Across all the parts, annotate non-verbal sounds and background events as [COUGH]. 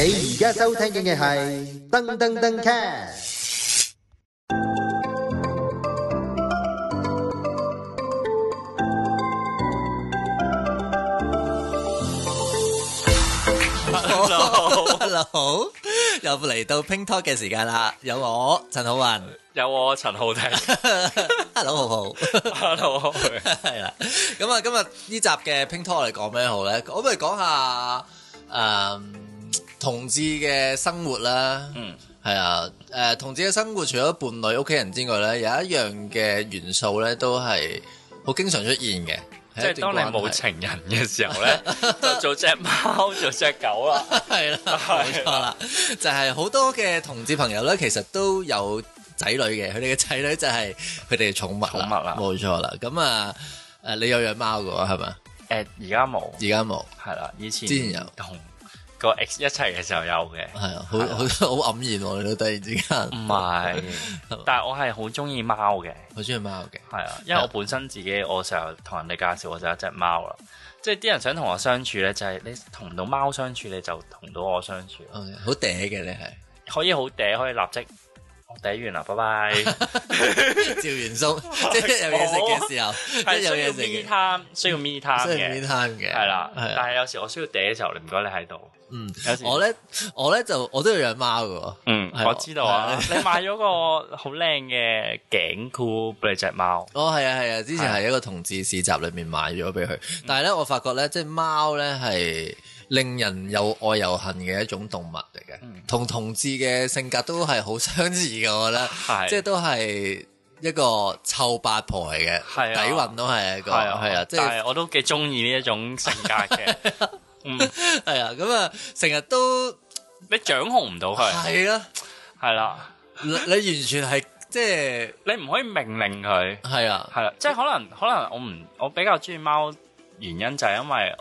你而家收聽嘅係噔噔噔 cast。Hello，Hello，又嚟到拼拖嘅時間啦！有我陳浩雲，有我陳浩庭。Hello，浩浩，Hello，係啦。咁啊，今日呢集嘅拼拖嚟講咩好咧？可唔可以講下誒。同志嘅生活啦，嗯，係啊，誒、呃，同志嘅生活除咗伴侶、屋企人之外咧，有一樣嘅元素咧，都係好經常出現嘅，即係是 當你冇情人嘅時候咧，就做隻貓做隻狗啦，係啦，冇錯啦，就係好多嘅同志朋友咧，其實都有仔女嘅，佢哋嘅仔女就係佢哋嘅寵物，寵物啦，冇錯啦，咁啊，誒，你有養貓嘅話係咪誒，而家冇，而家冇，係啦，以前之前有，之前有個 x 一齊嘅時候有嘅，係啊，好好好黯然喎，你都突然之間唔係，但係我係好中意貓嘅，好中意貓嘅，係啊，因為我本身自己我成日同人哋介紹，我就一隻貓啦，即係啲人想同我相處咧，就係你同唔到貓相處，你就同到我相處，好嗲嘅你係，可以好嗲，可以立即嗲完啦，拜拜，趙元松，即係有嘢食嘅時候，有嘢食嘅時候，需要 me time，需要 me time 嘅，係啦，但係有時我需要嗲嘅時候，你唔該你喺度。嗯，我咧，我咧就我都要養貓噶。嗯，係，我知道啊。你買咗個好靚嘅頸箍俾你隻貓？哦，係啊，係啊，之前係一個同志市集裏面買咗俾佢。但係咧，我發覺咧，即係貓咧係令人又愛又恨嘅一種動物嚟嘅，同同志嘅性格都係好相似嘅。我覺得，即係都係一個臭八婆嚟嘅，底蘊都係一個，係啊，即係我都幾中意呢一種性格嘅。嗯，係 [LAUGHS] 啊，咁啊，成日都你掌控唔到佢，係咯，係啦，你你完全係即係，即係， [LAUGHS] 你唔可以命令佢，係啊，係啦，啊，即係，可能可能我唔，我比較中意貓，原因就係因為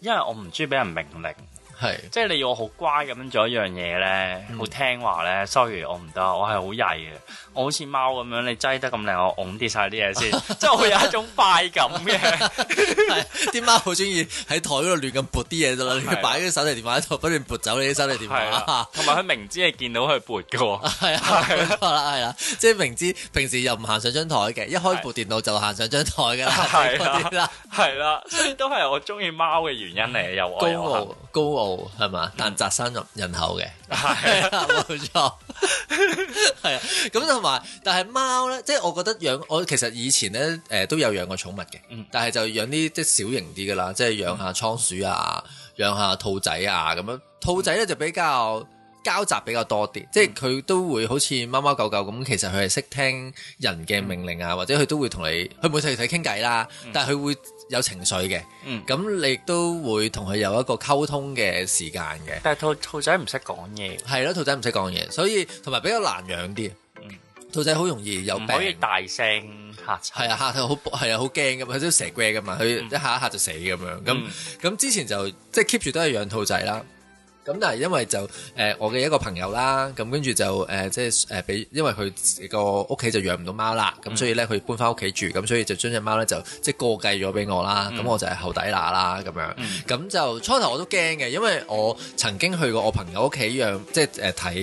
因為我唔中意俾人命令。係，即係你要我好乖咁樣做一樣嘢咧，好聽話咧。Sorry，我唔得，我係好曳嘅。我好似貓咁樣，你擠得咁靚，我㧬啲晒啲嘢先，即係我有一種快感嘅。啲貓好中意喺台度亂咁撥啲嘢噶啦，你擺啲手提電話喺度，不斷撥走你啲手提電話。同埋佢明知係見到佢撥嘅。係啊，係啦，係即係明知平時又唔行上張台嘅，一開部電腦就行上張台噶啦，係啦，係啦，所以都係我中意貓嘅原因嚟，又愛又～高傲係嘛？但係生人人口嘅，係冇、嗯、錯，係啊。 [LAUGHS] [LAUGHS] 咁同埋，但係貓咧，即係我覺得養我其實以前咧，誒、呃、都有養過寵物嘅，嗯、但係就養啲即係小型啲噶啦，即係養下倉鼠啊，養下兔仔啊咁樣。兔仔咧就比較，交集比較多啲，即係佢都會好似貓貓狗狗咁，其實佢係識聽人嘅命令啊，嗯、或者佢都會同你，佢唔會同你傾偈啦，嗯、但係佢會有情緒嘅。嗯，咁你都會同佢有一個溝通嘅時間嘅。但係兔兔仔唔識講嘢。係咯，兔仔唔識講嘢，所以同埋比較難養啲。嗯、兔仔好容易有病。可以大聲嚇。係啊，嚇！好係啊，好驚㗎嘛！佢都蛇㗎嘛，佢一下一下就死咁樣咁咁。之前就即係 keep 住都係養兔仔啦。咁但係因為就誒、呃、我嘅一個朋友啦，咁跟住就誒、呃、即係誒俾，因為佢個屋企就養唔到貓啦，咁、嗯、所以咧佢搬翻屋企住，咁所以就將隻貓咧就即係過繼咗俾我啦，咁、嗯、我就係後底乸啦咁樣，咁、嗯、就初頭我都驚嘅，因為我曾經去過我朋友屋企養，即係誒睇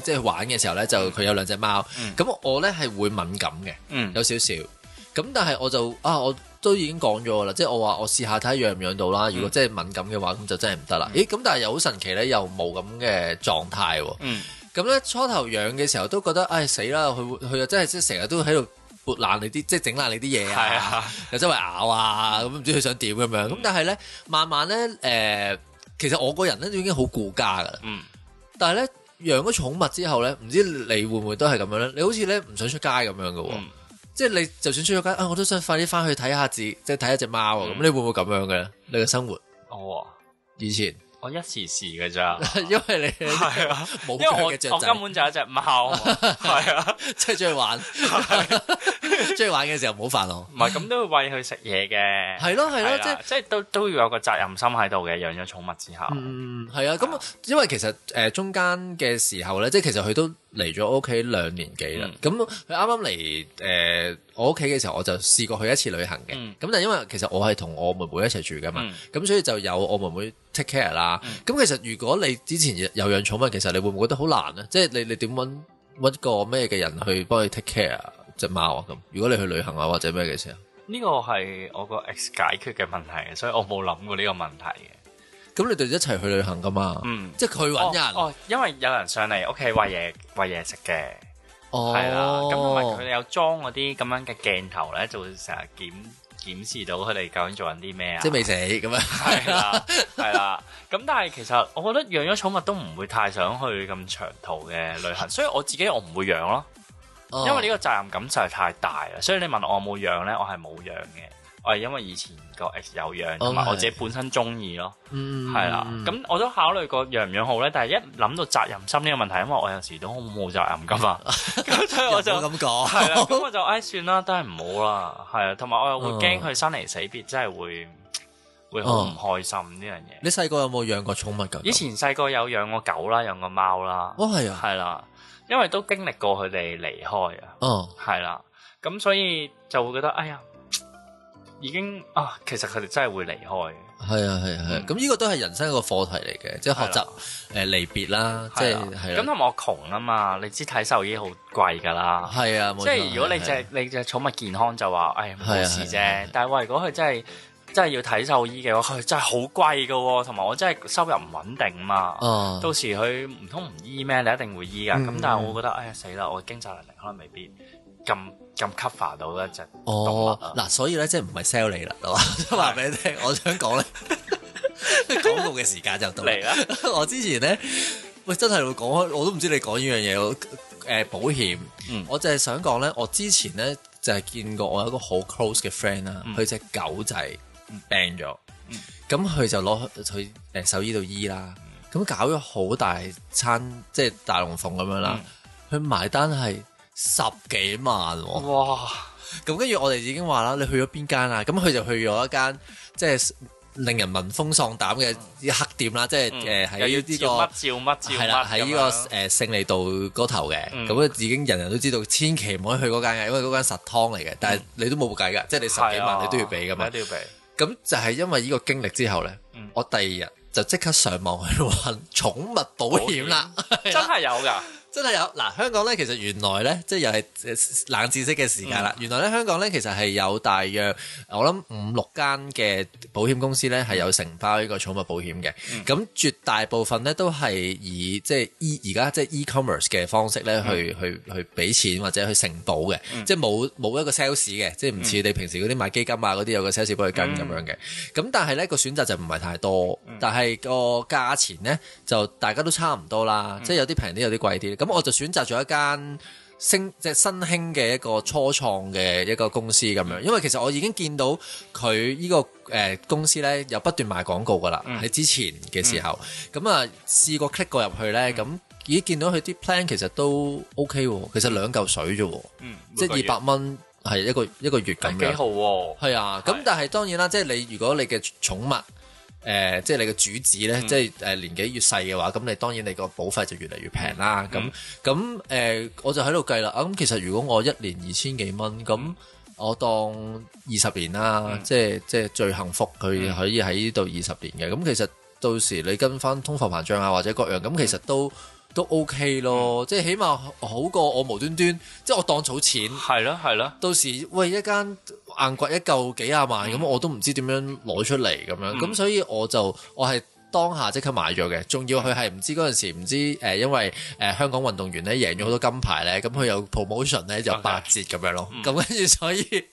即係玩嘅時候咧，就佢有兩隻貓，咁、嗯、我咧係會敏感嘅，有少少，咁但係我就啊我。我都已經講咗啦，即係我話我試下睇養唔養到啦。如果真係敏感嘅話，咁、嗯、就真係唔得啦。咦？咁但係又好神奇咧，又冇咁嘅狀態。嗯。咁咧初頭養嘅時候都覺得，唉死啦！佢佢又真係即係成日都喺度撥爛你啲，即係整爛你啲嘢啊，啊又周圍咬啊，咁唔知佢想點咁樣。咁、嗯、但係咧，慢慢咧，誒、呃，其實我個人咧已經好顧家噶啦。嗯、但係咧，養咗寵物之後咧，唔知你會唔會都係咁樣咧？你好似咧唔想出街咁樣噶喎。嗯即係你，就算出咗街啊，我都想快啲翻去睇下自己，即係睇下隻貓啊！咁你會唔會咁樣嘅咧？你嘅生活，我以前我一時時㗎咋，因為你係啊，冇嘅雀仔，我根本就係一隻貓，係啊，即係出去玩。中意玩嘅時候唔好煩我， [LAUGHS] [LAUGHS] 唔係咁都會餵佢食嘢嘅。係咯係咯，即係即係都都要有個責任心喺度嘅，養咗寵物之後，嗯係啊，咁因為其實誒、呃、中間嘅時候咧，即係其實佢都嚟咗屋企兩年幾啦，咁佢啱啱嚟誒我屋企嘅時候，我就試過去一次旅行嘅，咁、嗯、但係因為其實我係同我妹妹一齊住噶嘛，咁、嗯、所以就有我妹妹 take care 啦。咁、嗯、其實如果你之前有養寵物，其實你會唔會覺得好難咧？即係你你點搵搵個咩嘅人去幫佢 take care？隻貓啊咁，如果你去旅行啊或者咩嘅時候，呢個係我個 ex 解決嘅問題嘅，所以我冇諗過呢個問題嘅。咁你哋一齊去旅行㗎嘛？嗯，即係佢搵人。哦，因為有人上嚟屋企餵嘢餵嘢食嘅。哦，係啦。咁同埋佢哋有裝嗰啲咁樣嘅鏡頭咧，就會成日檢檢視到佢哋究竟做緊啲咩啊？即係未死咁樣？係啦，係啦。咁但係其實我覺得養咗寵物都唔會太想去咁長途嘅旅行，所以我自己我唔會養咯。因為呢個責任感實在太大啦，所以你問我有冇養呢？我係冇養嘅。我係因為以前個 x 有養，同埋、oh、我自己本身中意咯，係啦、mm。咁、hmm. 我都考慮過養唔養好呢，但係一諗到責任心呢個問題，因為我有時都好冇責任感嘛，咁所以我就咁講，係啦，咁的 [LAUGHS] 我就唉算啦，都係唔好啦，係啊，同埋我又會驚佢生離死別，真係會會好唔開心呢樣嘢。Oh、你細個有冇養過寵物狗？以前細個有養過狗啦，養過貓啦，哦係啊，係啦。因為都經歷過佢哋離開啊，係啦，咁所以就會覺得，哎呀，已經啊，其實佢哋真係會離開。係啊係啊係，咁呢個都係人生一個課題嚟嘅，即係學習誒離別啦，即係係啦。咁同我窮啊嘛，你知睇獸醫好貴噶啦。係啊，即係如果你隻你隻寵物健康就話，哎冇事啫。但係話如果佢真係，真係要睇獸醫嘅話，佢真係好貴嘅喎，同埋我真係收入唔穩定嘛。Uh, 到時佢唔通唔醫咩？你一定會醫噶。咁、嗯、但係我覺得，哎呀死啦！我嘅經濟能力，力可能未必咁咁、嗯、cover 到一陣。哦，嗱，所以咧，即係唔係 sell 你啦，都想話俾你聽。是 我想講咧， [LAUGHS] [LAUGHS] 廣告嘅時間就到嚟啦。我之前咧，喂，真係會講我都唔知你講呢樣嘢。誒，保險，我就係想講咧，我之前咧就係見過我有一個好 close 嘅 friend 啦，佢隻，隻狗仔。病咗，咁佢就攞去誒，手醫度醫啦。咁搞咗好大餐，即係大龍鳳咁樣啦。佢埋單係十幾萬，哇！咁跟住我哋已經話啦，你去咗邊間啊？咁佢就去咗一間，即係令人聞風喪膽嘅黑店啦。即係誒，喺呢個照乜照乜係啦，喺呢個誒勝利道嗰頭嘅。咁啊，已經人人都知道，千祈唔可以去嗰間嘅，因為嗰間實湯嚟嘅。但係你都冇計噶，即係你十幾萬你都要俾噶嘛？一定要俾。咁就係因為呢個經歷之後咧，嗯、我第二日就即刻上網去揾寵物保險啦險， [LAUGHS] 真係有噶。都有嗱，香港咧其實原來咧，即係又係冷知識嘅時間啦。嗯、原來咧香港咧其實係有大約我諗五六間嘅保險公司咧係有承包呢個寵物保險嘅。咁、嗯、絕大部分咧都係以即係依而家即係 e-commerce 嘅方式咧、嗯、去去去俾錢或者去承保嘅，即係冇冇一個 sales 嘅，即係唔似你平時嗰啲買基金啊嗰啲有個 sales 幫佢跟咁樣嘅。咁、嗯、但係咧個選擇就唔係太多，但係個價錢咧就大家都差唔多啦，即係有啲平啲，有啲貴啲。咁我就選擇咗一間新即係新興嘅一個初創嘅一個公司咁樣，因為其實我已經見到佢呢個誒公司呢有不斷賣廣告噶啦喺之前嘅時候，咁啊、嗯、試過 click 過入去咧，咁已經見到佢啲 plan 其實都 OK，其實兩嚿水啫，嗯，即係二百蚊係一個一個月咁樣幾好喎，係啊，咁的但係當然啦，即係你如果你嘅寵物。誒、呃，即係你個主子呢，嗯、即係誒、呃、年紀越細嘅話，咁你當然你個保費就越嚟越平啦。咁咁誒，我就喺度計啦。咁、啊、其實如果我一年二千幾蚊，咁我當二十年啦，嗯、即係即係最幸福，佢可以喺呢度二十年嘅。咁、嗯嗯、其實到時你跟翻通貨膨脹啊，或者各樣，咁其實都。嗯都 OK 咯，嗯、即係起碼好過我無端端，即係我當儲錢。係咯係咯，到時喂一間硬掘一嚿幾廿萬咁，嗯、我都唔知點樣攞出嚟咁樣。咁、嗯、所以我就我係當下即刻買咗嘅，仲要佢係唔知嗰陣時唔知誒、呃，因為誒、呃、香港運動員咧贏咗好多金牌咧，咁佢有 promotion 咧就八折咁樣咯。咁跟住所以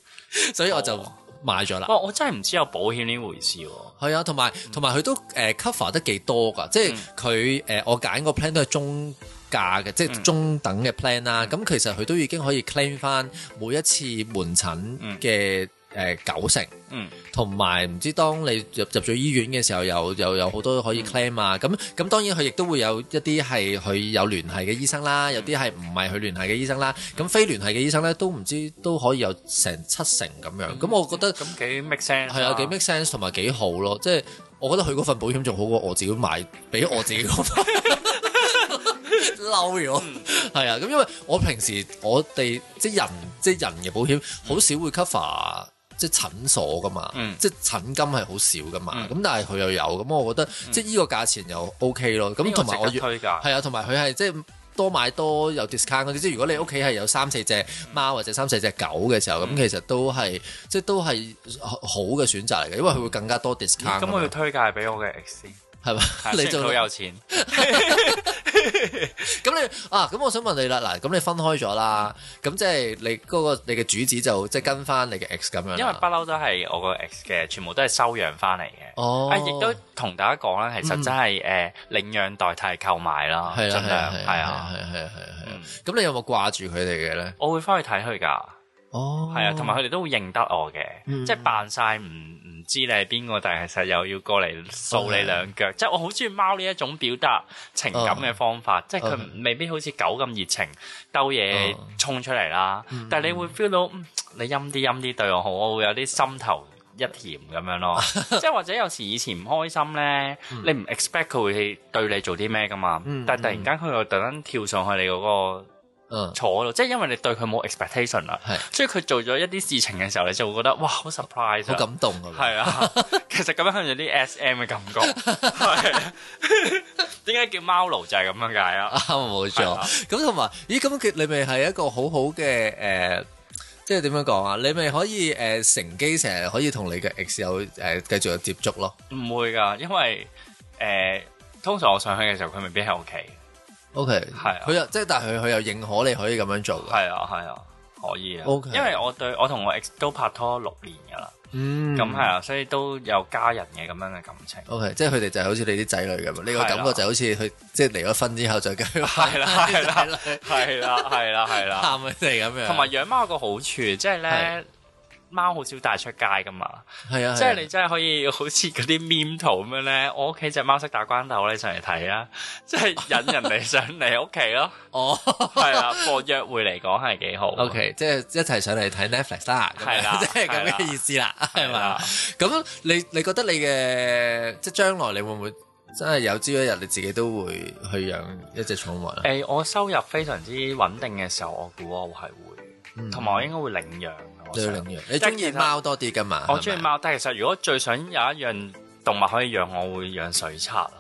所以我就。哦買咗啦！我我真係唔知有保險呢回事喎。係啊，同埋同埋佢都誒 cover 得幾多㗎？即係佢誒我揀個 plan 都係中價嘅，即係中等嘅 plan 啦。咁其實佢都已經可以 claim 返每一次門診嘅、嗯。嗯誒九成，嗯，同埋唔知當你入入咗醫院嘅時候，又又有好多可以 claim、嗯、啊，咁咁當然佢亦都會有一啲係佢有聯繫嘅醫生啦，有啲係唔係佢聯繫嘅醫生啦，咁、嗯、非聯繫嘅醫生呢都唔知都可以有成七成咁樣，咁、嗯、我覺得、嗯，咁幾 make sense，係啊，幾 make sense，同埋幾好咯，即、就、係、是、我覺得佢嗰份保險仲好過我自己買俾我自己嗰份 [LAUGHS] [LAUGHS] 了，嬲咗，係啊，咁因為我平時我哋即係人即係人嘅保險好少會 cover。即診所噶嘛，嗯、即診金係好少噶嘛，咁、嗯、但係佢又有，咁我覺得、嗯、即呢個價錢又 OK 咯。咁同埋我推介，係啊，同埋佢係即多買多有 discount 嗰啲。即如果你屋企係有三四隻貓、嗯、或者三四隻狗嘅時候，咁、嗯、其實都係即都係好嘅選擇嚟嘅，因為佢會更加多 discount。咁我要推介俾我嘅 x 係嘛吧？ [LAUGHS] [LAUGHS] 你仲好有錢。 [LAUGHS] 咁 [LAUGHS] 你啊，咁我想問你啦，嗱，咁你分開咗啦，咁即係你嗰、嗰個你嘅主子就即係跟翻你嘅 ex 咁樣，因為不嬲都係我個 ex 嘅，全部都係收養翻嚟嘅，哦，亦都同大家講啦，其實真係誒領養代替購買啦，盡量係啊，係啊，係啊，係啊，咁你有冇掛住佢哋嘅咧？我會翻去睇佢噶。哦，係啊，同埋佢哋都會認得我嘅，嗯、即係扮晒唔。知你係邊個，但係其實又要過嚟掃你兩腳。Okay. 即係我好中意貓呢一種表達情感嘅方法，Okay. 即係佢未必好似狗咁熱情，兜嘢衝出嚟啦。Okay. 但係你會 feel 到你陰啲陰啲對我好，我會有啲心頭一甜咁樣咯。 [LAUGHS] 即係或者有時以前唔開心咧，你唔 expect 佢會對你做啲咩噶嘛。但係突然間佢又突然跳上去你嗰、嗰個。嗯，坐咯，即係因為你對佢冇 expectation 啦，係，所以佢做咗一啲事情嘅時候，你就會覺得哇，好 surprise，好感動啊，係啊，其實咁樣有啲 SM 嘅感覺，係，點解叫貓奴就係咁樣解啊？冇錯，咁同埋，咦，咁佢你咪係一個好好嘅誒，即係點樣講啊？你咪可以誒、呃，乘機成日可以同你嘅 ex 有誒繼續有接觸咯，唔會噶，因為誒、呃，通常我上去嘅時候，佢未必喺屋企。O K，係佢又即係，但係佢佢又認可你可以咁樣做嘅。係啊，係啊，可以啊。O Okay . K，因為我對我同我 ex 都拍拖六年噶啦，咁係啊，所以都有家人嘅咁樣嘅感情。O、okay, K，即係佢哋就係好似你啲仔女咁樣，呢個是的 感覺就好似佢即係離咗婚之後再繼續係啦，係啦，係啦，係啦，係啦，喊佢哋咁樣。同埋養貓有個好處即係咧。就是貓好少帶出街噶嘛，係啊，即係、啊、你真係可以好似嗰啲 meme 圖咁樣咧，我屋企隻貓識打關鬥你上嚟睇啦，即、就、係、是、引人哋上嚟屋企咯。哦，係、 [LAUGHS] okay，啊，個約會嚟講係幾好。OK，即係一齊上嚟睇 Netflix 啦。係啦，即係咁嘅意思啦，係嘛，咁、啊、你你覺得你嘅即係將來你會唔會真係有朝一日你自己都會去養一隻寵物啊？誒、欸，我收入非常之穩定嘅時候，我估我係會，同埋、嗯、我應該會領養。兩樣，你中意貓多啲噶嘛？我中意貓，但係吧其實如果最想有一樣動物可以養，我會養水獺咯。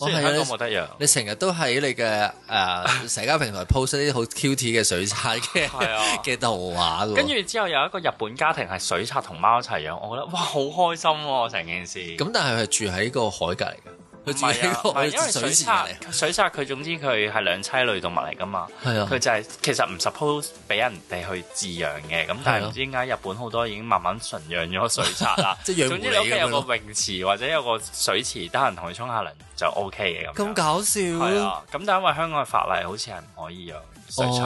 我係都冇得養。哦啊，你成日都喺你嘅誒、呃、社交平台 post 啲好 cute 嘅水獺嘅嘅圖畫。跟住之後有一個日本家庭係水獺同貓一齊養，我覺得哇，好開心成、啊、件事。咁但係佢住喺個海隔嚟嘅。因為水獺水獺佢總之佢係兩棲類動物嚟㗎嘛，佢就係其實唔 suppose 俾人哋去飼養嘅，咁但係唔知點解日本好多已經慢慢純養咗水獺啦。總之你屋企有個泳池或者有個水池，得閒同佢沖下涼就 OK 嘅咁。咁搞笑係啊！咁但係因為香港嘅法例好似係唔可以養水獺嘅。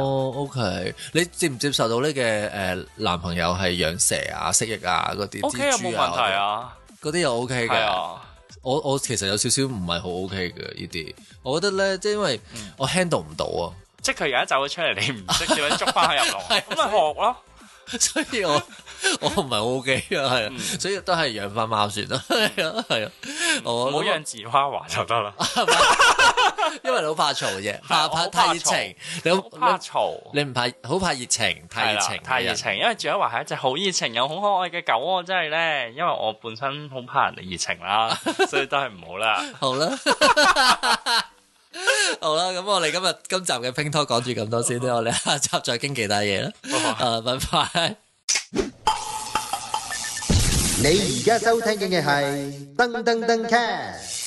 哦，OK，你接唔接受到呢？嘅誒男朋友係養蛇啊、蜥蜴啊、嗰啲蜘蛛啊，冇問題啊，嗰啲又 OK 嘅。我我其實有少少唔係好 OK 嘅呢啲，我覺得咧，即係因為我 handle 唔到啊，嗯、即係佢而家走咗出嚟，你唔識叫佢捉翻佢入籠，咁咪、 [LAUGHS] 啊、學咯。所以我我唔係 OK 嘅，係、啊，嗯、所以都係養返貓算啦。係啊，嗯、 [LAUGHS] 啊我。我養自花娃就得啦。 [LAUGHS] 是 [LAUGHS] [LAUGHS] 因為你好怕嘈啫，怕怕太熱情，你好怕嘈，你唔怕，好怕熱情，太熱情，太熱情，因為仲有話係一隻好熱情又好可愛嘅狗，我真係咧，因為我本身好怕人哋熱情啦，所以都係唔好啦。 [LAUGHS] 好啦吧， [LAUGHS] [LAUGHS] 好啦，咁我哋今日今集嘅拼拖講住咁多先， [LAUGHS] 我哋下集再傾其他嘢啦。誒、 [LAUGHS] uh，拜拜。你而家收聽緊嘅係噔噔噔 c